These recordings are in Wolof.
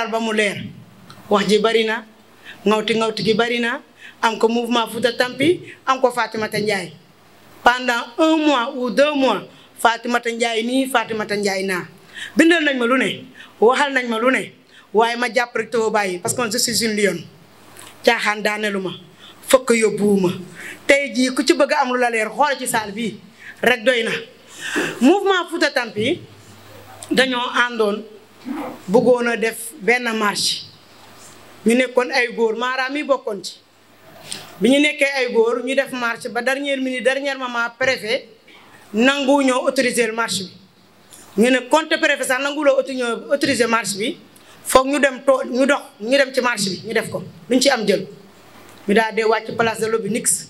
leeral ba mu leer wax ji bari na ngawti ngawti gi bari na am ko mouvement Fouta Tampi am ko Fatimata Ndiaye pendant un mois ou deux mois Fatimata Ndiaye nii Fatimata Ndiaye naa bindal nañ ma lu ne waxal nañ ma lu ne waaye ma jàpp rek taw bàyyi parce que je suis une lionne caaxaan daanelu ma fokk yóbbuwuma tey jii ku ci bëgg am lu la leer xool ci saal bii rek doy na mouvement Fouta Tampi dañoo àndoon bëggoon a def benn marche ñu nekkoon ay góor maaraam yi bokkoon ci bi ñu nekkee ay góor ñu def marche ba dernière minute dernière moment préfet nangu ñoo autoriser marche bi ñu ne compte préfet sax nangu loo autoriser bi foog ñu dem too ñu dox ñu dem ci marche bi ñu def ko luñ ci am jël ñu daal dee wàcc place de l'Obélisque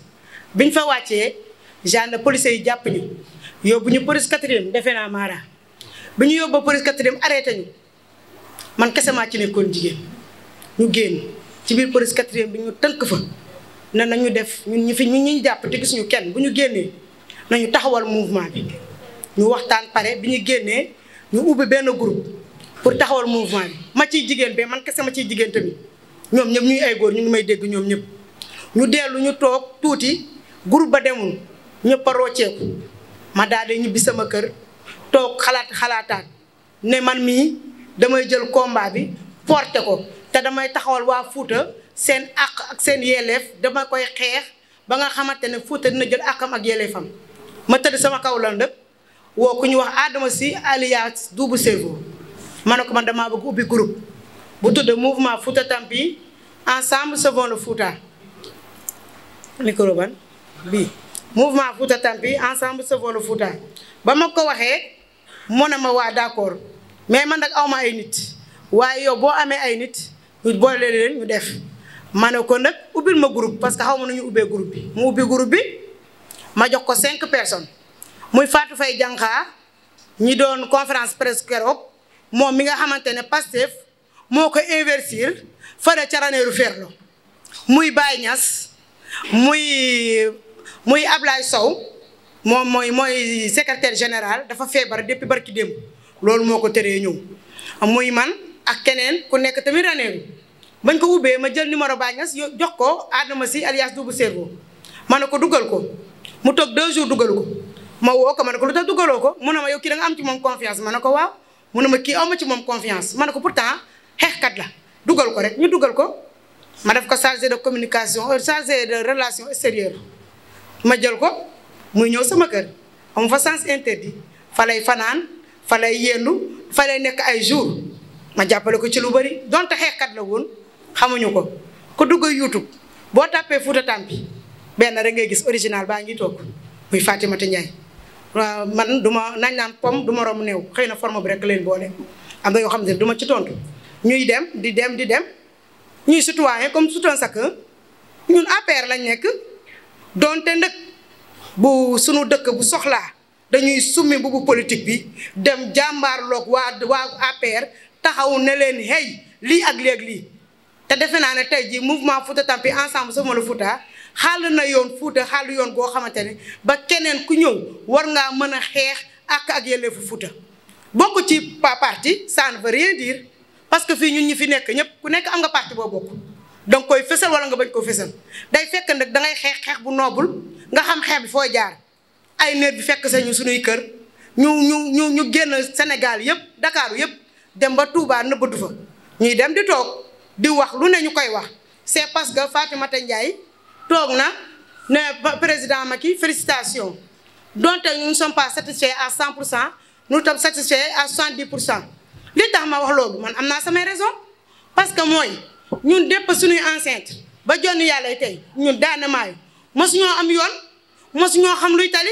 biñ fa wàccee gendarme policiers yi jàpp ñu yóbbu ñu police quatrième defe naa maara bi ñu yóbbu police quatrième arrêté ñu man kese maa ci nekkoon jigéen ñu génn ci biir police quatrième bi ñu tënk fa ne nañu def ñun ñu fi ñun ñu jàpp te gisuñu kenn bu ñu génnee nañu taxawal mouvement bi ñu waxtaan pare bi ñu génnee ñu ubbi benn group pour taxawal mouvement bi ma ci jigéen be man kese ma ciy jigéen tamit ñoom ñëpp ñu ay góor ñu ngi may dégg ñoom ñëpp ñu dellu ñu toog tuuti groupe ba demul ñëpp a ma daal di ñibbi sama kër toog xalaat xalaataat ne man mii damay jël komba bi porté ko te damay taxawal waa Fouta seen àq ak seen yelleef dama koy xeex ba nga xamante ne Fouta dina jël àqam ak yelleefam ma tëdd sama kaw lan dëpp woo ku ñu wax Adama Sy alias Double Cerveau ma ne ko man damaa bëgg ubbi groupe bu tudd mouvement Fouta Tampi ensemble sauvons le Fouta micro bii mouvement Fouta Tampi ensemble sauvons le Fouta ba ma ko waxee mu ne ma waa d'accord mais man nag awma ay nit waaye yow boo amee ay nit ñu boole leen ñu def ma ne ko nag ubbil ma groupe parce que xaw ma nu ñu ubbee groupe bi mu ubbi groupe bi ma jox ko cinq personnes muy Fatou Faye Diankha ñi doon conférence presse keroog moom mi nga xamante ne Pastef moo ko investir fële ca Ranérou Ferlo muy Baye Niass muy muy Ablaye Sow moom mooy mooy secrétaire général dafa feebar depuis barki démb loolu moo ko teree ñëw muy man ak keneen ku nekk tamit raneeru bañ ko ubbee ma jël numéro Baye Niass jox ko aadama si alias Double Cerveau ma ne ko dugal ko mu toog deux jours dugal ko ma woo ko ma ne ko lu dugaloo ko mu ne ma yow kii da am ci moom confiance ma ne ko waaw mu ne kii aw ma moom confiance ma ne ko pourtant xeexkat la dugal ko rek ñu dugal ko ma def ko chargé de communication euh, chargé de relation extérieure ma jël ko muy ñëw sama kër am fa sens interdit fa lay fanaan. fa lay yendu fa lay nekk ay jour ma jàppale ko ci lu bari donte xeexkat la woon xamuñu ko ko dugg YouTube boo tàppee Fouta Tampi benn rek ngay gis original baa ngi toog muy Fatimata Ndiaye waaw man du ma nañ naan pom du ma romb néew xëy na forma bi rekk leen boole am na yoo xam ne du ma ci tontu ñuy dem di dem di dem ñuy citoyen comme tout un chacun ñun APR lañ nekk donte ndëkk bu sunu dëkk bu soxlaa. dañuy summi mbubu politique bi dem jàmbaarloog waa waa APR taxaw ne leen hey lii ak lii ak lii te defe naa ne tey jii mouvement Fouta Tampi ensemble sama la Fouta xàll na yoon Fouta xàll yoon goo xamante ne ba keneen ku ñëw war ngaa mën a xeex ak ak yelleefu Fouta bokk ci pa parti ça ne veut parce que fii ñun ñi fi nekk ñëpp ku nekk am nga parti boo bokk danga koy fësal wala nga bañ ko fësal day fekk nag dangay xeex xeex bu noobul nga xam xeex bi foo jaar ay nerf bi fekk sañu suñuy kër ñu ñu ñu ñu génn Sénégal yëpp Dakar yëpp dem ba Touba nëbbatu fa ñuy dem di toog di wax lu ne ñu koy wax c'est parce que Fatimata Ndiaye toog na ne président Macky félicitations donte ñun ne sommes pas satisfaits à 100 pour cent nous sommes satisfaits à 70 pour cent li tax ma wax loolu man am naa samay raison parce que mooy ñun dépp suñuy enceinte ba jonn yàlla tey ñun daana maayu mosuñoo am yoon mosuñoo xam luy tali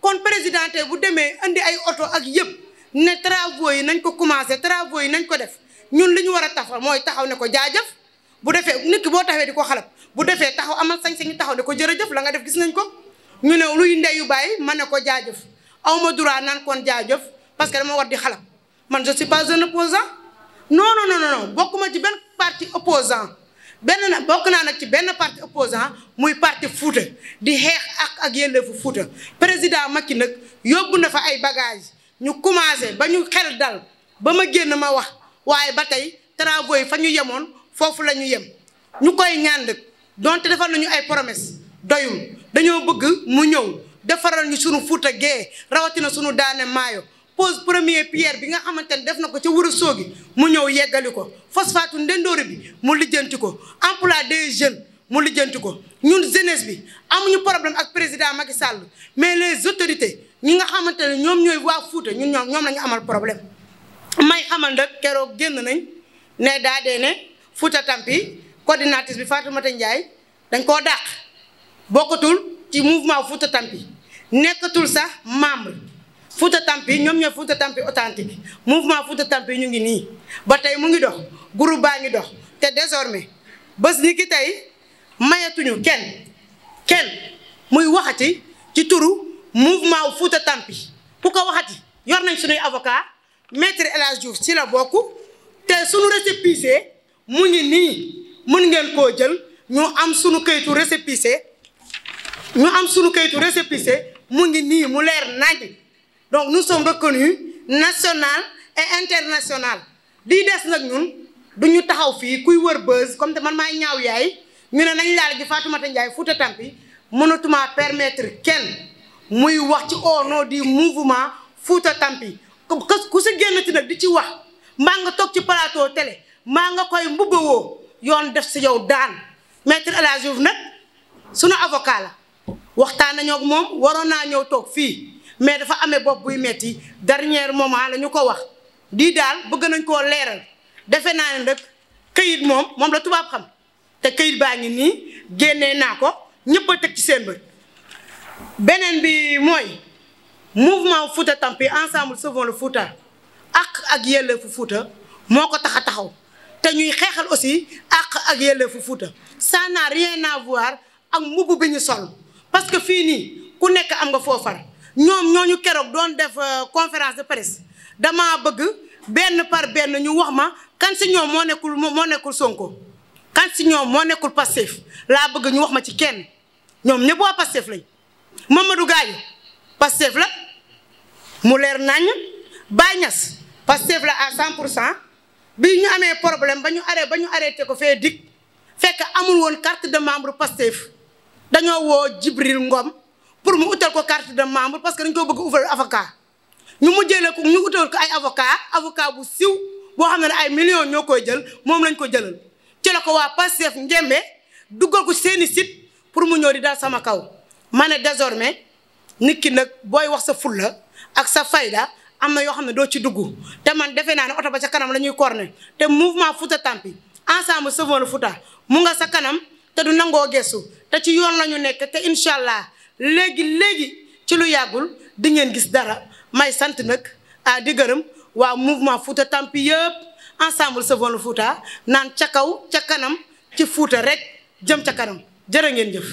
kon président bu demee indi ay oto ak yëpp ne travaux yi nañ ko commencé travaux yi nañ ko def ñun li ñu war a taxaw mooy taxaw ne ko jaajëf bu defee nit ki boo taxawee di ko xalab bu defee taxaw amal sañ-sañu taxaw ne ko jërëjëf la nga def gis nañ ko ñu ne luy ndeyu bàyyi man ne ko jaajëf aw ma droit naan kon jaajëf parce que dama war di xalab man je suis pas un opposant non non non non bokkuma ci benn parti opposant benn na bokk naa nag ci benn parti opposant muy parti Fouta di xeex ak ak yelleefu Fouta président ki nag yóbbu na fa ay bagage ñu commencé ba ñu xel dal ba ma génn ma wax waaye ba tey travaux yi fa ñu yemoon foofu la ñu yem ñu koy ñaan nag defar defal nañu ay promesse doyul dañoo bëgg mu ñëw defaral ñu sunu Fouta gee rawatina sunu daane maayo pose premier pierre bi nga xamante ne def na ko ca Wuro soogi mu ñëw yeggali ko phosphate ndendoori bi mu lijjanti ko emploi des jeunes mu lijjanti ko ñun jeunesse bi amuñu problème ak président Macky sàll mais les autorités ñi nga xamante ne ñoom ñooy waa Fuuta ñun ñoom ñoom la amal problème may xamal keroog génn nañ ne daa ne Fuuta Tampi coordinatrice bi Fatoumata Ndiaye dañ koo dàq bokkatul ci mouvement Fuuta Tampi nekkatul sax membre Fouta Tampi ñoom ñooy Fouta Tampi authentique mouvement Fouta Tampi ñu ngi nii ba tey mu ngi dox groupe baa ngi dox te désormais bés ni ki tey mayatuñu kenn kenn muy waxati ci turu mouvement Fouta Tampi ku ko waxati yor nañ suñuy avocat maître El la Diouf ci la bokk te suñu récépissé mu ngi nii mën ngeen koo jël ñu am suñu kayitu récépissé ñu am suñu kayitu récépissé mu ngi nii mu leer naaj donc nous sommes reconnus national et international lii des nag ñun du ñu taxaw fii kuy wër bës comme te man ñaaw yaay ñu ne nañ laal gi Fatoumata Ndiaye Fouta Tampi mënatuma permettre kenn muy wax ci au di du mouvement Fouta Tampi ku si génnati nag di ci wax mbaa nga toog ci plateau télé maa nga koy mbubbawoo yoon def si yow daan maître El Hadji Diouf nag sunu avocat la waxtaan nañoo ak moom waroon naa ñëw toog fii mais dafa amee bopp buy metti dernier moment la ñu ko wax di daal bëgg nañ koo leeral defe naa ne rek këyit moom moom la tubaab xam te këyit baa ngi nii génnee naa ko ñëpp a teg ci seen bët beneen bi mooy mouvement Fouta Tampi ensemble sauvons le Fouta ak ak yelleefu Fouta moo ko tax a taxaw te ñuy xeexal aussi ak ak yelleefu Fouta ça n'a rien à ak mbubb bi ñu sol parce que fii nii ku nekk am nga foofar ñoom ñooñu keroog doon def euh, conférence de presse damaa bëgg benn par benn ñu wax ma kan si ñoom moo nekkul moo nekkul Sonko kan si ñoom moo nekkul Pastef laa bëgg ñu wax ma ci kenn ñoom ñëpp waa Pastef lañ Mamadou Gaye Pastef la mu leer nañ Baye Niass Pastef la à 100 pour cent bi ñu amee problème ba ñu aree ba ñu arrêté ko fee dikk fekk amul woon carte de membre Pastef dañoo woo Jibril Ngom. pour mu utal ko carte de membre parce que dañ ko bëgg ñu mujjee ne ko ñu utal ko ay avocat avocat bu siw boo xam ne ay millions ñoo koy jël moom lañu ko jëlal ci la ko waa Pastef njembe duggal ko seeni site pour mu ñëw di daal sama kaw ma ne désormais nit ki nag booy wax sa fulla ak sa fayda am na yoo xam ne doo ci dugg te man defe naa ne oto ba ca kanam la ñuy corne te mouvement Fouta Tampi ensemble sa le Fouta mun nga sa kanam te du nangoo gestu te ci yoon la ñu nekk te incha allah léegi léegi ci lu yàggul di ngeen gis dara may sant nag ah di gërëm waa mouvement Fouta Tampi yëpp ensemble Sauvons le Fouta naan ca kaw ca kanam ci Fouta rek jëm ca kanam jërë ngeen jëf.